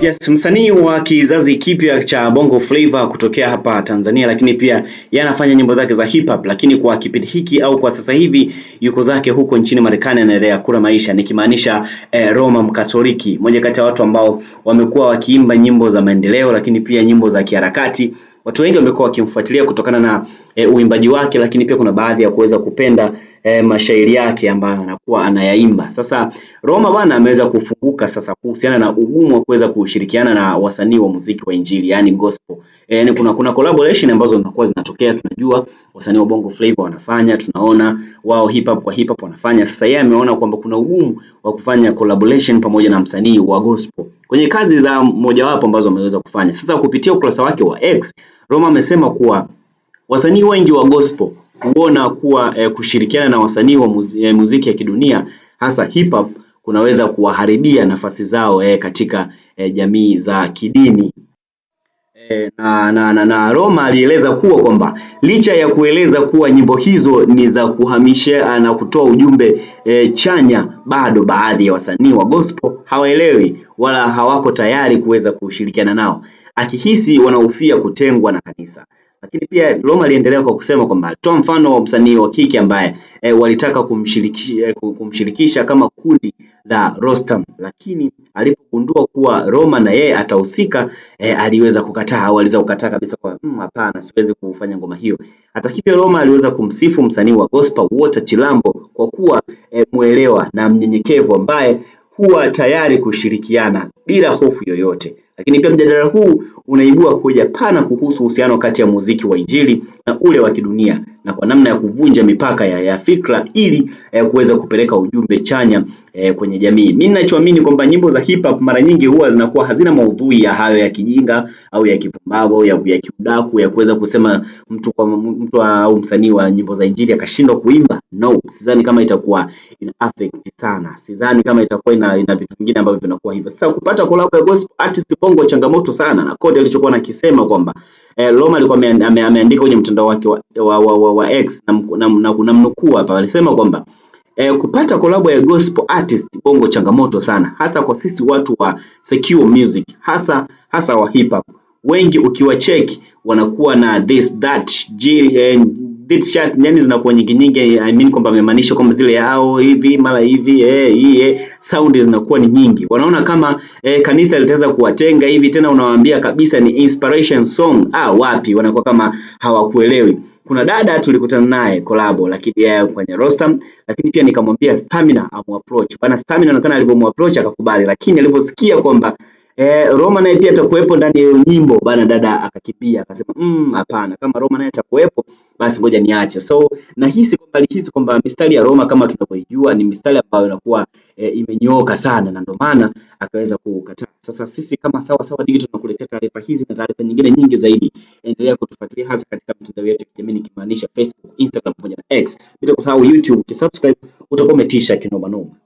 Yes, msanii wa kizazi kipya cha Bongo Flava kutokea hapa Tanzania, lakini pia yanafanya nyimbo zake za hip hop, lakini kwa kipindi hiki au kwa sasa hivi yuko zake huko nchini Marekani, anaendelea kula maisha, nikimaanisha eh, Roma Mkatoliki, mmoja kati ya watu ambao wamekuwa wakiimba nyimbo za maendeleo, lakini pia nyimbo za kiharakati watu wengi wamekuwa wakimfuatilia kutokana na e, uimbaji wake, lakini pia kuna baadhi ya kuweza kupenda e, mashairi yake ambayo anakuwa anayaimba. Sasa Roma bwana ameweza kufunguka sasa kuhusiana na ugumu wa kuweza kushirikiana na wasanii wa muziki wa Injili, yani gospel. E, kuna kuna collaboration ambazo zinakuwa zinatokea, tunajua wasanii wa Bongo Flava wanafanya, tunaona wao hip hop kwa hip hop wanafanya. Sasa yeye ameona kwamba kuna ugumu wa kufanya collaboration pamoja na msanii wa gospel kwenye kazi za mojawapo ambazo ameweza kufanya. Sasa kupitia ukurasa wake wa X Roma amesema kuwa wasanii wengi wa gospel huona kuwa eh, kushirikiana na wasanii wa muziki, eh, muziki ya kidunia hasa hip hop kunaweza kuwaharibia nafasi zao eh, katika eh, jamii za kidini. Eh, na, na, na, na Roma alieleza kuwa kwamba licha ya kueleza kuwa nyimbo hizo ni za kuhamisha eh, na kutoa ujumbe e, chanya, bado baadhi ya wasanii wa gospel hawaelewi wala hawako tayari kuweza kushirikiana nao akihisi wanahofia kutengwa na kanisa. Lakini pia Roma aliendelea kwa kusema kwamba alitoa mfano wa msanii wa kike ambaye e, walitaka kumshirikisha, e, eh, kumshirikisha kama kundi la Rostam, lakini alipogundua kuwa Roma na yeye atahusika e, aliweza kukataa au aliweza kukataa kabisa kwa hmm, hapana, mm, siwezi kufanya ngoma hiyo. Hata hivyo, Roma aliweza kumsifu msanii wa gospel Walter Chilambo kwa kuwa e, mwelewa na mnyenyekevu ambaye huwa tayari kushirikiana bila hofu yoyote. Lakini pia mjadala huu unaibua hoja pana kuhusu uhusiano kati ya muziki wa Injili na ule wa kidunia na kwa namna ya kuvunja mipaka ya, ya fikra ili ya eh, kuweza kupeleka ujumbe chanya eh, kwenye jamii. Mimi ninachoamini kwamba nyimbo za hip hop mara nyingi huwa zinakuwa hazina maudhui ya hayo ya kijinga au ya kipumbavu ya, ya kiudaku ya kuweza kusema mtu kwa mtu au msanii wa nyimbo za injili akashindwa kuimba. No, sidhani kama itakuwa in affect sana. Sidhani kama itakuwa ina, ina vitu vingine ambavyo vinakuwa hivyo. Sasa kupata collab ya gospel artist Bongo changamoto sana na kodi alichokuwa nakisema kwamba eh, Loma alikuwa ame, ame, ameandika kwenye mtandao wake wa, wa, wa, wa, wa X na, na, na, na, na mnukuu hapa alisema kwamba E, kupata kolabo ya gospel artist Bongo changamoto sana, hasa kwa sisi watu wa secure music, hasa hasa wa hip hop. Wengi ukiwa check wanakuwa na this that eh, beat chart yani zinakuwa nyingi nyingi, I mean kwamba amemaanisha kwamba zile yao hivi mara hivi eh, hii eh, sound zinakuwa ni nyingi. Wanaona kama eh, kanisa litaweza kuwatenga hivi, tena unawaambia kabisa ni inspiration song. Ah, wapi, wanakuwa kama hawakuelewi. Kuna dada tulikutana naye kolabo lakini yeye kwenye Rostam, lakini pia nikamwambia Stamina amu approach bana. Stamina inaonekana alivyomapproach akakubali, lakini aliposikia kwamba Eh, Roma naye pia atakuwepo ndani ya hiyo nyimbo bana. Dada akakimbia akasema, mm, hapana, kama Roma naye atakuwepo basi ngoja niache. So nahisi kwamba alihisi kwamba mistari ya Roma kama tunavyoijua ni mistari ambayo inakuwa eh, imenyooka sana na ndio maana akaweza kukataa. Sasa sisi kama Sawa Sawa Digital tunakuletea taarifa hizi na taarifa nyingine nyingi zaidi. Endelea kutufuatilia hasa katika mitandao yetu ya kijamii nikimaanisha Facebook, Instagram pamoja na X. Bila kusahau YouTube, ukisubscribe utakuwa umetisha kinoma noma.